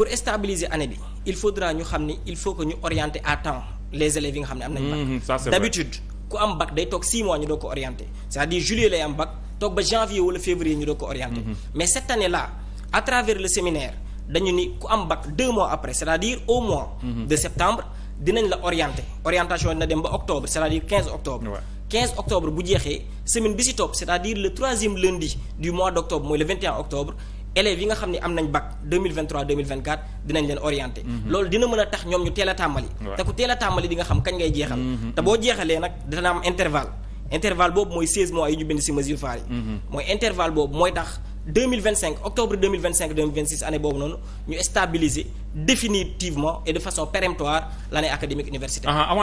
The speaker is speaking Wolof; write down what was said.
pour stabiliser anne bi il faudra ñu xam ni il faut que ñu orienter à temps les élèves yi nga xam ne am nañ bac mm-hmm, d'habitude ku am bac day toog 6 mois ñu doog ko orienter c'est-à-dire juillet lay am bac toog ba janvier wala février ñu doog ko orienter mm-hmm. mais cette année là à le séminaire dañu ni ku am bac 2 mois après c'est-à-dire au mois mm-hmm. de septembre dinañ la orienter orientation dina dem ba octobre c'est-à-dire 15 octobre octobre bu jeexee semaine bi si topp à dire le troisième lundi du mois d'octobre mooy le 21 octobre élèves yi nga xam ne am nañ bac 2023 2024 dinañ leen orienté mhm. loolu dina mën a tax ñoom ñu teel a tàmbali te ku teel a tàmbali di xam kañ ngay jeexal mhm. te boo jeexalee nag dina am intervalle intervalle boobu mooy 16 mois yi ñu bind ci mesure phare yi mhm. mooy intervalle boobu mooy tax 2025 octobre 2025 2026 année boobu noonu ñu stabiliser définitivement et de façon péremptoire l'année académique universitaire